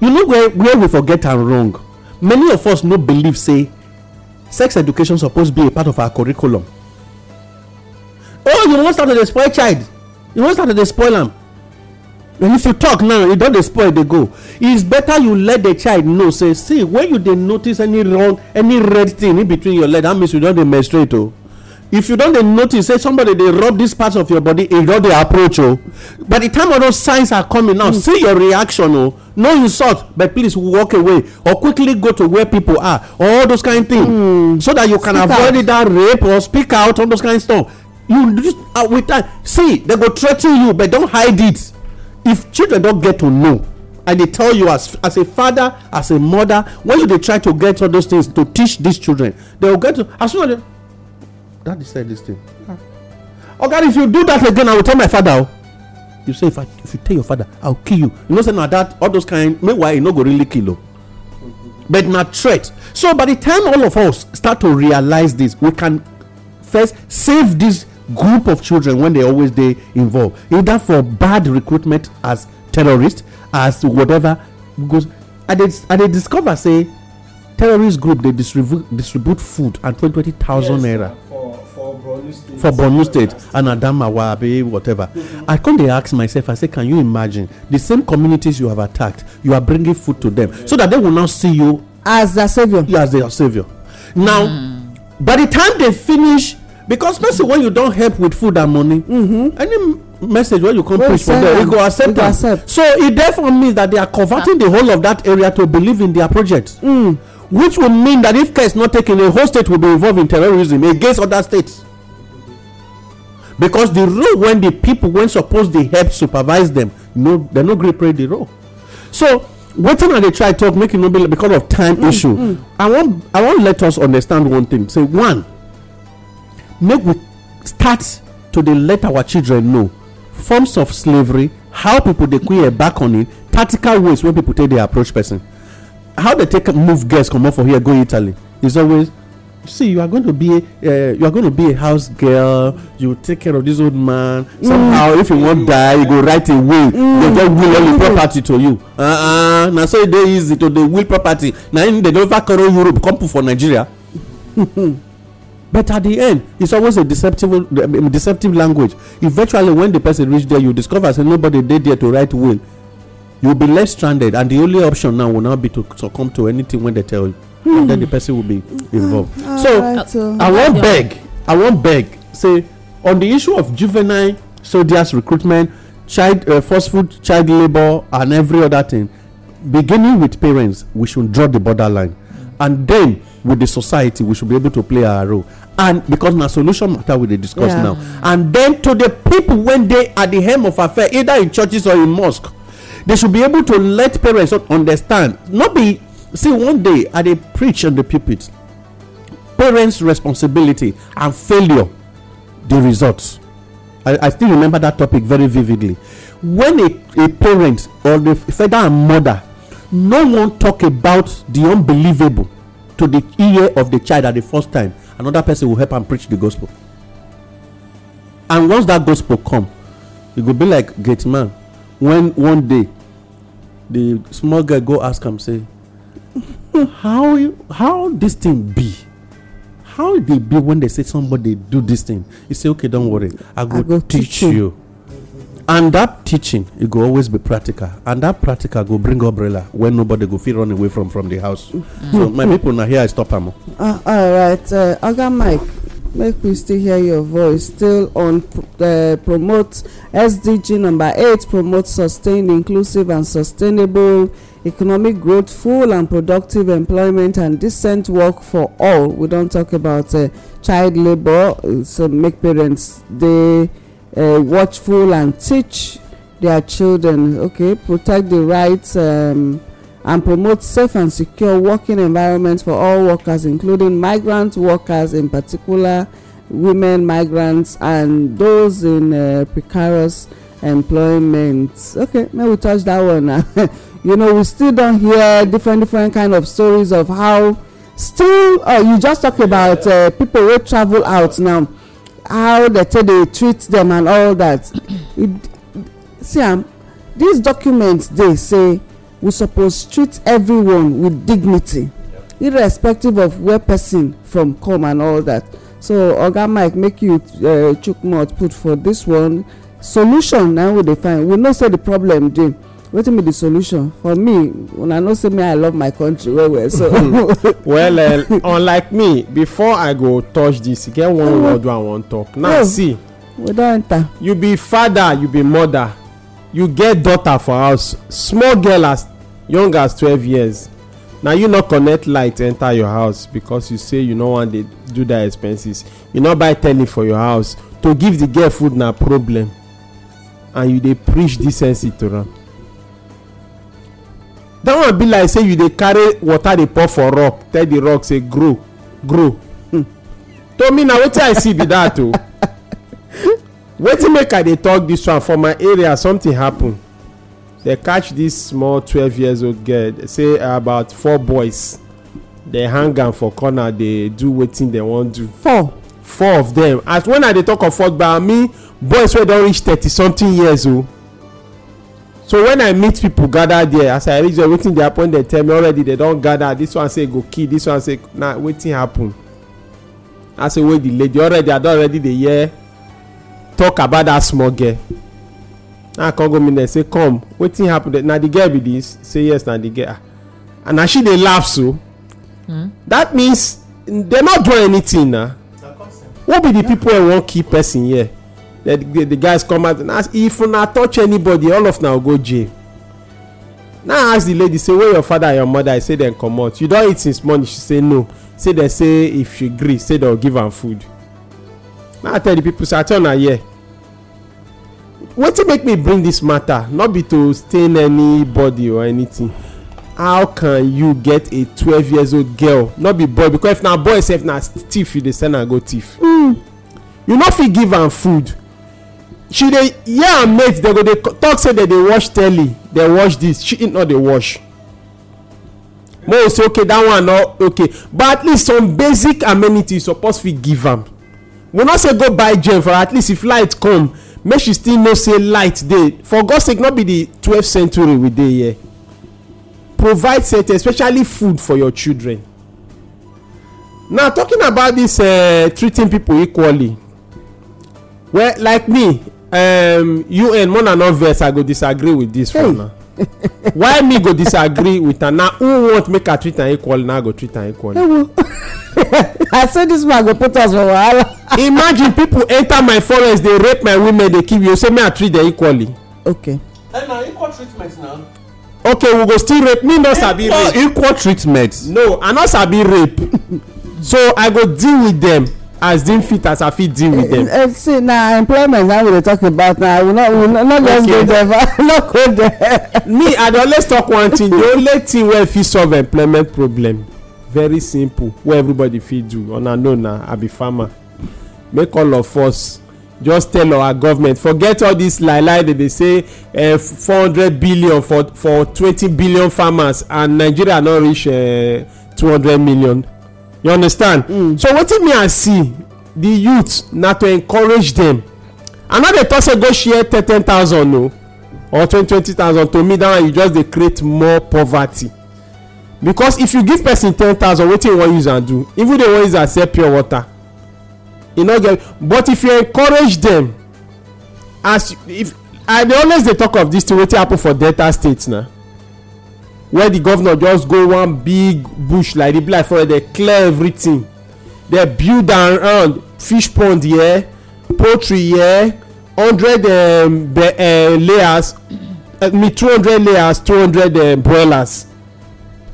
S3: you know where where we forget am wrong many of us no believe say sex education suppose be a part of our curriculum oh you wan start to dey spoil child you wan start to dey spoil am and if you talk now you don dey spoil dey go it's better you let the child know say see when you dey notice any wrong any red thing in between your leg that means you don dey menstruate o oh if you don dey notice say somebody dey rub this part of your body e don dey approach o oh. by the time all those signs are coming now mm. see your reaction o oh. no insult but please walk away or quickly go to where people are or all those kind things mm. so that you can avoid that rape or speak out all those kind stuff you just uh, with time see they go threaten you but don hide it if children don get to know i dey tell you as as a father as a mother when you dey try to get all those things to teach these children they go get to as soon as Daddy said this thing. Ah. Oh, God, if you do that again, I will tell my father. Oh. You say, if, I, if you tell your father, I'll kill you. You know, say, now that, all those kind, meanwhile, you no go really kill. Him. Oh. But not threat. So by the time all of us start to realize this, we can first save this group of children when they always they involved. Either for bad recruitment as terrorists, as whatever. Because and they, and they discover, say, terrorist group they distribute distribute food and twenty twenty thousand naira for borno state and adamawa abe whatever i come to ask myself i say can you imagine the same communities you have attacked you are bringing food to them so that they will now see you as their savior as their savior now
S1: hmm.
S3: by the time they finish because person when you don't help with food and money mm-hmm. any message when you come preach for them, e go accept am so it therefore means that they are converting the whole of that area to believe in their project mm. which would mean that if care is not taken the whole state will be involved in terrorism against other states because the role when the people when suppose dey help supervise them, no dem no gree play the role so wetin i dey try talk make e no be because of time mm, issue mm. i wan i wan let us understand one thing say one make we start to dey let our children know forms of slavery how people dey queer back on it tactical ways wey people take dey approach person how they take move girls comot for here go italy is always see you are going to be a uh, you are going to be a house girl you take care of this old man somehow if you wan mm. die you go write a will dem just will all the mm. property to you uh-uh, na so e dey easy to dey will property na im dey over carry europe come put for nigeria but at the end it's always a deceptive um, deceptive language eventually when the person reach there you discover say nobody dey there to write will you be left stranded and the only option now will now be to succumb to anything wey dey tell you mm. and then hmm. the person will be hmm. involved. Mm. so right, uh, so I won't beg, I won't beg. Say on the issue of juvenile soldiers recruitment, child uh, forceful child labor, and every other thing, beginning with parents, we should draw the borderline, and then with the society, we should be able to play our role. And because my solution matter we dey discuss yeah. now, and then to the people when they at the hem of affair, either in churches or in mosque, they should be able to let parents understand, not be see one day i dey preach on the pulpit parents responsibility and failure the results i i still remember that topic very vividly when a a parent or the father and mother no wan talk about the unbelievable to the ear of the child at the first time another person will help am preach the gospel and once that gospel come e go be like gate man when one day the small girl go ask am say how how this thing be how e dey be when they say somebody do this thing you say okay don't worry i go, I go teach, teach you and that teaching e go always be practical and that practical go bring umbrella wey nobody go fit run away from from the house mm-hmm. so my people na here i stop am.
S2: Uh, all right uh, oga mike make we still hear your voice still on uh, promote sdg number eight promote sustained, inclusive and sustainable economic growth, full and productive employment, and decent work for all. We don't talk about uh, child labor, so make parents they uh, watchful and teach their children. Okay, protect the rights um, and promote safe and secure working environment for all workers, including migrant workers, in particular women, migrants, and those in uh, precarious employment. Okay, may we touch that one now. you know we still don't hear different different kind of stories of how still uh, you just talk about uh, people wey travel out now how they take dey treat them and all that it, see am um, this document dey say we suppose treat everyone with dignity irrespective of where person from come and all that so oga mike make you uh, chook mouth put for this one solution na we dey find we know say the problem dey wetin be the solution for me una know say me i love my country well well so.
S4: well uh, unlike me before i go touch this get one word wey i wan talk now oh, see we don enter. you be father you be mother you get daughter for house small girl as young as twelve years na you no connect light enter your house because you say you no wan dey do that expenses you no buy telly for your house to give the girl food na problem and you dey preach decency to am that one be like say you dey carry water dey pour for rock tell the rock say grow grow hmm. to me na wetin i see be that o wetin make i dey talk this one for my area something happen dey catch this small twelve years old girl say about four boys dey hang am for corner dey do wetin dem wan do. four four of dem as when i dey talk of four gba me boys wey don reach thirty something years old so when i meet people gather there as i reach there wetin dey happen dem tell me already dem don gather this one say go kill this one say na wetin happen i say wait the lady already i don already dey hear talk about that small girl na i come go meet dem say come wetin happen na the girl be this say yes na the girl ah, and na she dey laugh so hmm? that means dem no do anything na who be the people wey wan kill person here the the guys come out and ask if una touch anybody all of now go jail now ask the lady say where your father and your mother i say dem comot you don eat since morning she say no say dem say if she gree say dem give am food now i tell the people say i tell una here wetin make me bring this matter no be to stain anybody or anything how can you get a twelve years old girl no be boy because if na boy sef na thief you dey send am go thief mm. you no fit give am food she dey hear her mates dem go dey talk say dem dey watch telly dem watch this she no dey watch mo say okay that one no okay but at least some basic amenities you suppose fit give am we no say go buy gem for at least if light come make she still know say light dey for god sake no be the twelfth century we dey here provide set especially food for your children now talking about this uh, treating people equally well like me um, un more na non vex i go disagree with dis for now why me go disagree with am na who want make i treat am equal na i go treat am equal i say dis man go put us for wahala imagine pipo enter my forest dey rape my women dey kill me. you say me i treat dem equally okay. Eh, na equal treatment na okay we go still rape me no sabi rape equal treatment no i no sabi rape so i go deal with dem as deem fit as i fit deal with them.
S2: Eh, eh, see na employment na we dey talk about na we no we no just go there
S4: no go there. me i dey always talk one thing the only thing wey fit solve employment problem very simple wey everybody fit do una know na i be farmer make all of us just tell our government forget all this lie lie they dey say uh, hundred billion for for twenty billion farmers and nigeria no reach uh, hundred million you understand mm. so wetin me i see The youth na to encourage dem i no dey talk say go share ten thousand o or twenty twenty thousand to me that one you just dey create more poverty because if you give person ten thousand wetin you wan use am do even they wan use am sell pure water e no get but if you encourage dem as if i dey always dey talk of this thing wetin happen for delta state na where the governor just go one big bush like the black forest dey clear everything dey build around fish pond here poultry here hundred um, be, uh, layers uh, me two hundred layers two hundred uh, eh, boilers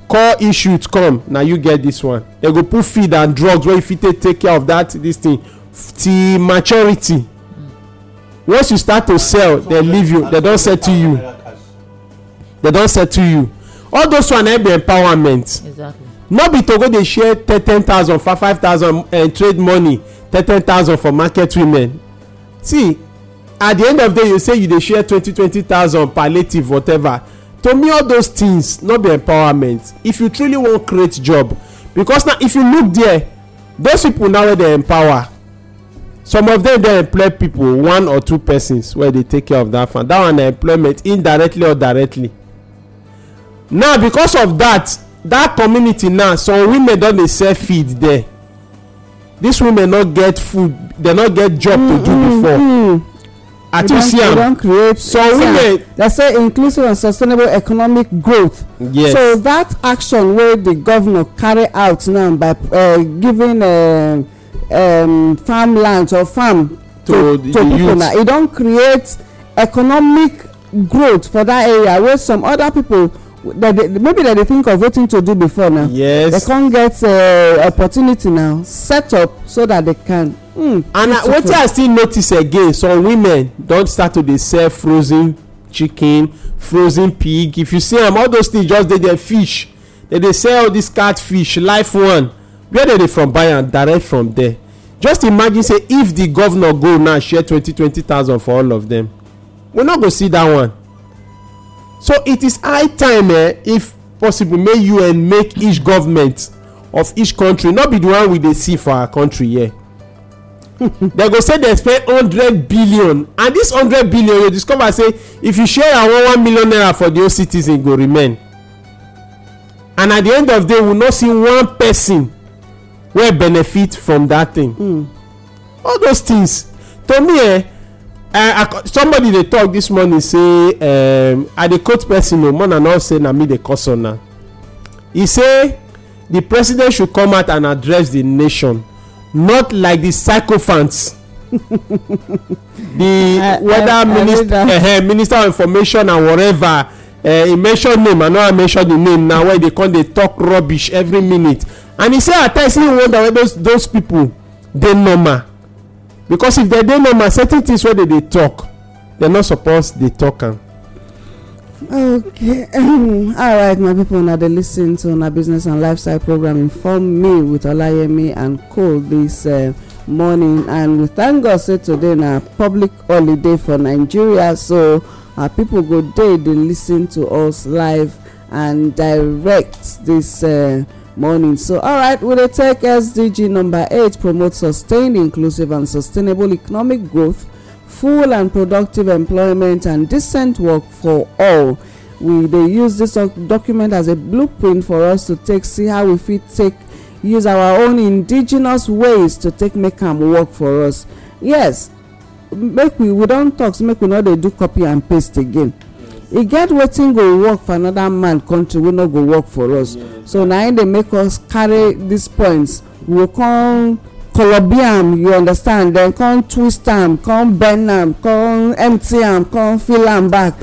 S4: call issues come na you get this one dem go put feed and drugs wey you fit take take care of that this thing till maturity once you start to sell dem leave you dem don settle you dem don settle you all those one na be empowerment exactly no be to go dey share ten thousand for five thousand and trade money ten thousand for market women see at the end of the day you say you dey share twenty twenty thousand palliative whatever to me all those things no be empowerment if you truly wan create job because now if you look there those people now wey dey empower some of them dey employ people one or two persons wey dey take care of that farm that one na employment indirectly or directly now because of that that community now some women don dey sell feed there these women no get food they no get job mm, to do mm, before mm. ati see am some
S2: women. dem say inclusive and sustainable economic growth. yes so that action wey the governor carry out now by uh, giving uh, um, farmland or farm to, to, to people na e don create economic growth for that area wey some other people they, maybe that they think of wetin to do before now yes They come get uh, opportunity now set up so that they can
S4: hmm, and uh, wetin i still notice again some women don start to dey sell frozen chicken frozen pig if you see am all those things just dey there fish dem dey sell all this catfish live one where dem dey from buy am direct from there just imagine say if the governor go now share twenty twenty thousand for all of them we no go see that one So it is high time, eh, if possible, may UN make each government of each country not be the one we dey see for our country here. Yeah. dem go say dem spend hundred billion and this hundred billion you discover say if you share am one one million naira for the whole citizen e go remain and at the end of the day we no see one person wey benefit from that thing. Mm. all those things to me eh Eh, somebody dey talk this morning say um, i dey quote person o more na not say na me dey cause una e say the president should come out and address the nation not like the sycophants the eh, eh, I, minister uh, minister of information and whatever uh, he mention name i no wan mention the name na why they come dey talk rubbish every minute and he say at times he wonder whether those those people dey normal because if they dey normal certain things wey dem dey talk dem no suppose dey talk
S1: am
S2: okay um, all right my people. una dey listen to una business and lifestyle program inform me with olayemi and co dis uh, morning and we thank god say today na public holiday for nigeria so our people go dey dey listen to us live and direct dis morning so all right we dey take sdg number eight promote sustained inclusive and sustainable economic growth full and productive employment and decent work for all we they use this document as a blueprint for us to take see how we fit take use our own indigenous ways to take make them work for us yes make we we don't talk make we know they do copy and paste again e get wetin go work for another man country wey no go work for us so na im dey make us carry these points we go come colobi am you understand then come twist am come bend am come empty am come fill am back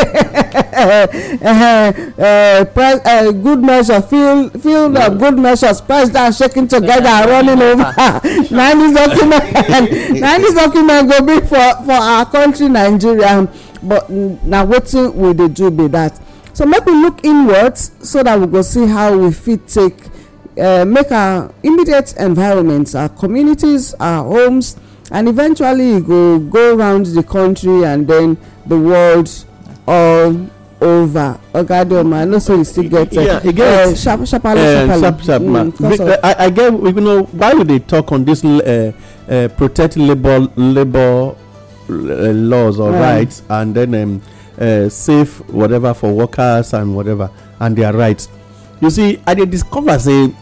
S2: uh, uh, eh, press, uh, eh, good measure fill fill yeah. up good measure. Press down shaking together running over na this document na this document go be for for our country nigeria but na wetin we dey do be that? so make we look inwards so that we go see how we fit take eh, make our immediate environments, our communities our homes and eventually e go go round the country and then the world all over ogadoma i know say you still get uh, sharp sharp sharp sharp man
S3: i get you know why we dey talk on dis eh, eh, protect labour labour Uh, laws or rights and then um, uh, safe whatever for workers and whatever and their rights. You see, I did discover say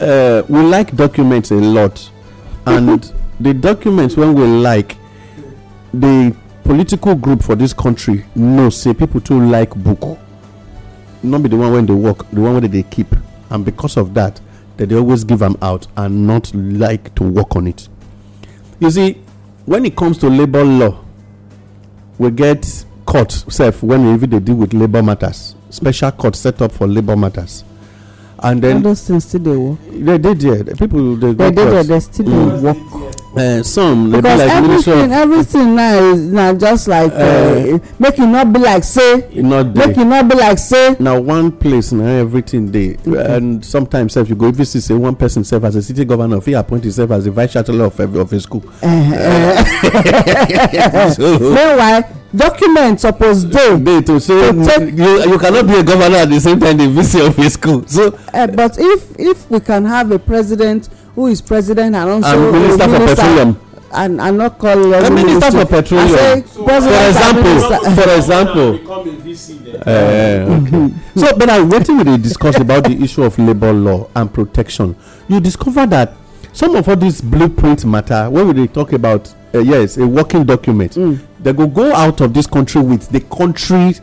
S3: uh, we like documents a lot, and the documents when we like the political group for this country no say people too like book. Not be the one when they work, the one where they keep, and because of that, that they always give them out and not like to work on it. You see, when it comes to labour law we get court sef when we even dey deal with labour matters special court set up for labour matters and then all those things still dey work they dey there people dey go court they dey there they still dey mm. work uh, some dey be like ministry of because everything everything now is now just like uh, uh, make e no be like say e no make e no be like say. now one place now everything dey mm-hmm. and sometimes if you go even see say one person serve as a city governor He appoint himself as a vice chancellor of of a school.
S1: Uh, uh, so,
S3: meanwhile document suppose dey. dey to say to take you, you cannot be a governor at the same time the vice of a school so. Uh,
S2: but if if we can have a president who is president and also and minister, minister for petroleum and and not call your minister, minister for petroleum say, so, for example for example
S3: uh, okay. so but i wetin we dey discuss about the issue of labour law and protection you discover that some of all these blueprint matter when we dey talk about uh, yes a working document mm. they go go out of this country with the country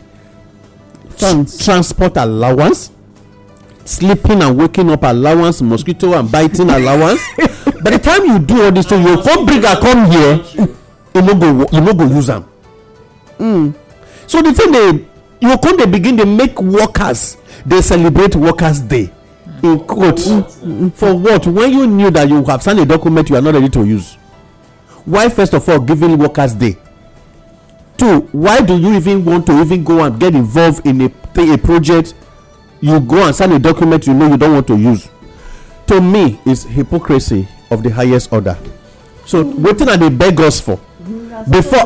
S3: funds. transport allowance sleeping and waking up allowance mosquito and biting allowance by the time you do all this thing your home breaker come here you no go you no go use am mm. so the thing dey you come dey begin dey make workers dey celebrate workers day hmm. in quote hmm. hmm. for what when you knew that you have signed a document you are not ready to use why first of all giving workers day two why do you even want to even go and get involved in a a project you go and sign a document you know you don't want to use to me is hypocrisy of the highest order so wetin i dey beg us for before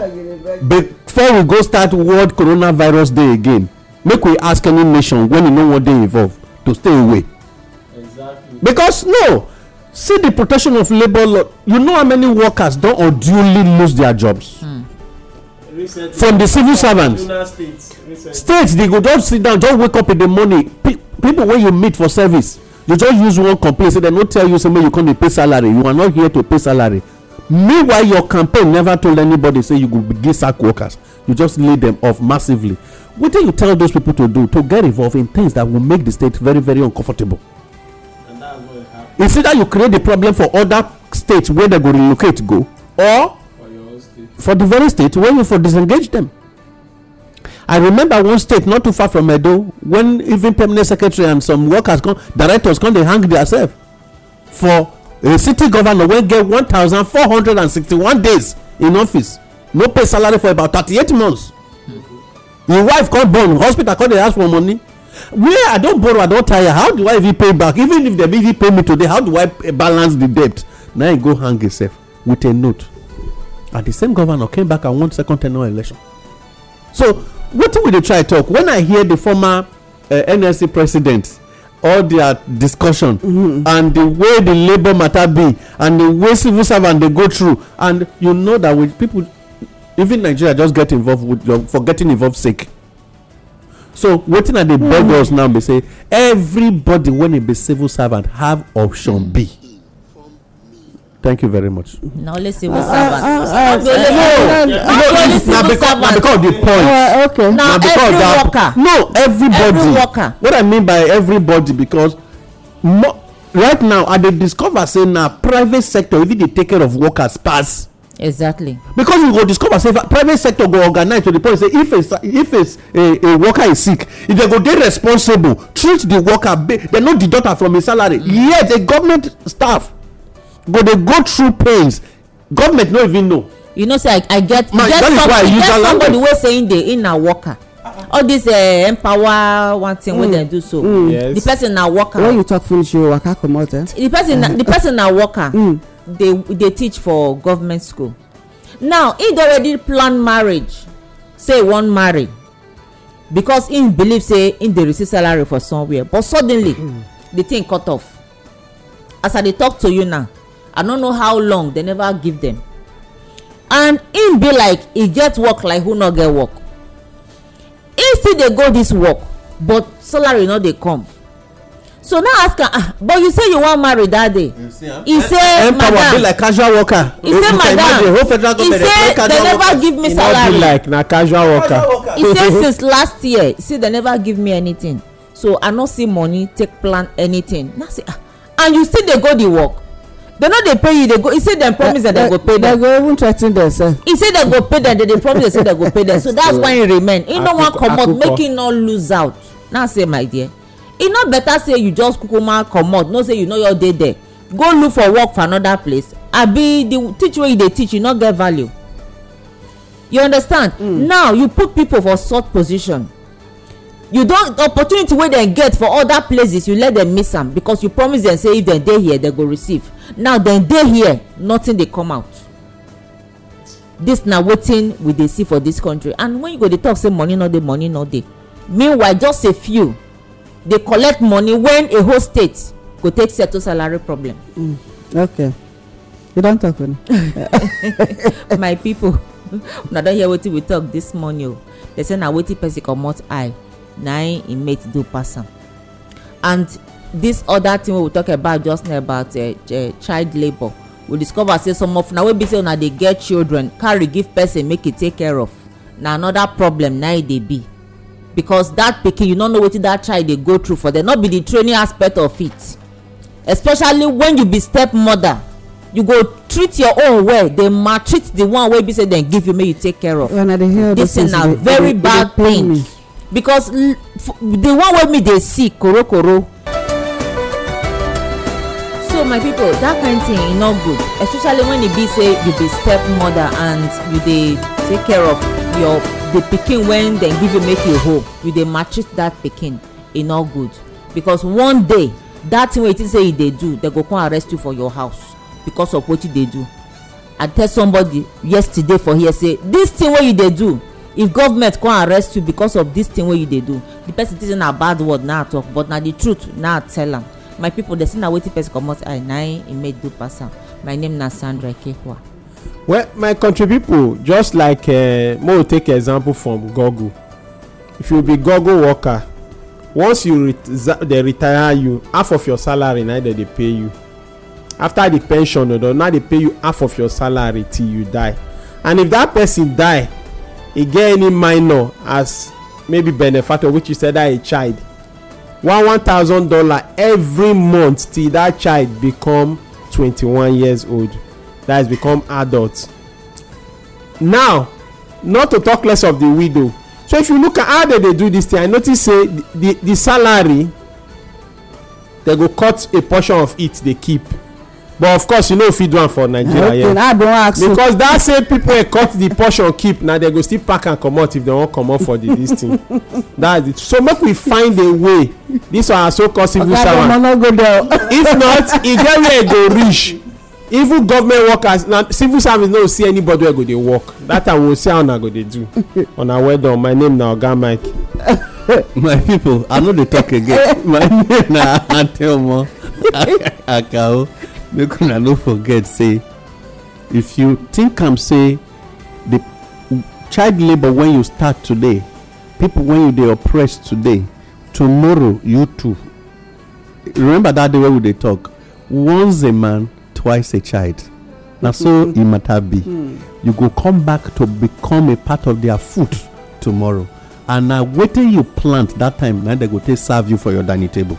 S3: before we go start world coronavirus day again make we ask any nation when e no wan dey involved to stay away Exactly. because no see the protection of labour law you know how many workers don unduly lose their jobs
S4: from the civil servants state they
S3: go just sit down just wake up in the morning people wey you meet for service you just use one complaint say dem no tell you say make you come dey pay salary you are not here to pay salary meanwhile your campaign never told anybody say you go begin sack workers you just lay them off massively wetin you tell those people to do to get involved in things that will make the state very very uncomfortable it's either you create the problem for other states wey dem go relocate go or for the very state wey you for disengage dem i remember one state not too far from edo when even permanent secretary and some workers come directors come dey hang themselves for a city governor wey get one thousand four hundred and sixty-one days in office no pay salary for about thirty-eight months him wife come born hospital come dey ask for money where i don borrow i don tire how do i even pay back even if dem even pay me today how do i balance the debt na him e go hang himself with a note and the same governor came back and won second ten ur election so wetin we dey try talk when i hear the former uh, eh, nlc president all their discussion mm-hmm. and the way the labour matter be and the way civil servant dey go through and you know that with people even nigeria just get involved with uh, for getting involved sake so wetin i dey beg mm. us now be say everybody when e be civil servant have option b. Mm-hmm. Thank you very much.
S5: Now let's civil servant. Uh, uh, uh, no, uh, no, now because, now the point. Uh, okay.
S3: Now, every that, worker. No, everybody. Every worker. What I mean by everybody because mo right now I dey discover say na private sector even dey take care of workers
S5: pass. exactly.
S3: because you go discover say private sector go organize to the point say if a if a a, a worker is sick if they go dey responsible treat the worker they no deduct her from his salary mm. yet a government staff go dey go through pains
S5: government no even know you know say i i get My, get some get somebody wey say im dey im na worker all this uh, empower one thing mm. wey dem do so mm. yes. the person na worker when you talk
S2: finish you waka comot eh the person na the mm.
S5: person na worker mm. they dey teach for government school now he don already plan marriage say wan marry because he believe say im dey receive salary for somewhere but suddenly mm. the thing cut off as i dey talk to you now i no know how long they never give them, and im be like e get work like who no get work e still dey go this work but salary no dey come so now ask am ah but you say you wan marry that day ah? He say madam empower be like casual worker e say
S4: madam He
S5: say they never give me salary e no be like
S4: na casual worker e say since
S5: last year say they never give me anything so i no see money take plan anything na say ah and you still dey go the work dem no dey pay you dey go He say dem promise that dem go pay dem. dem go even threa ten themselves. e say dem go pay dem dem dey promise say dem go pay dem so that's why e remain e no wan comot make e no lose out na say my dear e no better say you just kukuma comot No say you no your dey there go look for work for another place abi the teach wey you dey teach you no get value you understand. Mm. now you put people for short position you don opportunity wey dem get for other places you let dem miss am because you promise dem say if dem dey here dem go receive now dem dey here nothing dey come out this na wetin we dey see for this country and when you go dey talk say money no dey money no dey meanwhile just a few dey collect money when a whole state go take settle salary problem. Mm,
S2: okay you don talk finish.
S5: my people una don hear wetin we talk this morning o dey say na wetin person comot eye na im mate do pass am and this other thing wey we talk about just now about uh, uh, child labour we discover say some of una wey be say una dey get children carry give person make e take care of na another problem na e dey be because that pikin you no know wetin that child dey go through for there no be the training aspect of it especially when you be step mother you go treat your own well dey maltreat the one wey be say dem give you make you take care of this thing na e e very e bad thing because the one wey me dey see korokoro so my people that kind thing e no good especially when e be say you be step mother and you dey take care of your the pikin when dem give you make you hold you dey maltreat that pikin e no good because one day that thing wey you think say you e dey do dem go come arrest you for your house because of what you dey do i tell somebody yesterday for here say this thing wey you dey do if government come arrest you because of this thing wey you dey do the person think say na bad word na talk but na the truth na tell am my people dey say na wetin person comot eye na im make do pass am my name na sandra kekwa.
S4: well my country people just like uh, eh, mo take example from google if you be google worker once you ret dey retire you half of your salary na dem dey pay you after the pension odo na dey pay you half of your salary till you die and if that person die e get any minor as maybe benefactor which you said that a child one one thousand dollar every month till that child become twenty-one years old that is become adult now not to talk less of the widow so if you look at how they dey do this thing i notice say the the, the salary they go cut a portion of it they keep but of course you no fit do am for nigeria okay, yeah because that same people wey cut the portion keep na dem go still pack am comot if dem wan comot for the this thing that's it so make we find a way this one so called civil okay, servant if not e get where e go reach even government workers na civil service no see anybody wey go dey work that time we go see how una go dey do una well done my name na oga
S3: mike. my people i no dey talk again my name na adeomo akao make una no forget say if you think am say the child labour when you start today people when you dey oppress today tomorrow you too remember that day wey we dey talk once a man twice a child na so e matter be hmm. you go come back to become a part of their food tomorrow and na wetin you plant that time na dem go take serve you for your dining table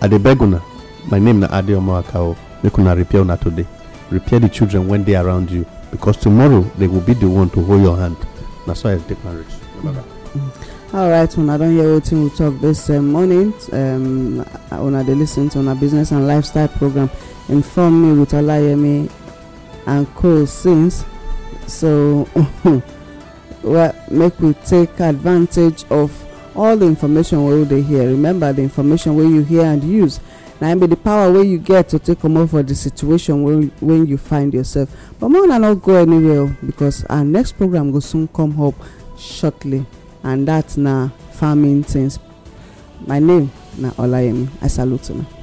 S3: i dey beg una My name na Ade Omoakao. Make una repair una today. Repair the children when they around you because tomorrow they will be the one to hold your hand. That's why I take my reach.
S1: Mm.
S2: All right, una don hear wetin we talk this um, morning. Um, una dey lis ten to una business and lifestyle program. Inform me with Olayemi and co since. So, well, make we take advantage of all the information wey we dey hear. Remember the information wey you hear and use na im be the power wey you get to take comot for the situation wey you find yourself but make una no go anywhere oh, because our next program go soon come up shortly and dat na farming things my name na olayemi i salute una.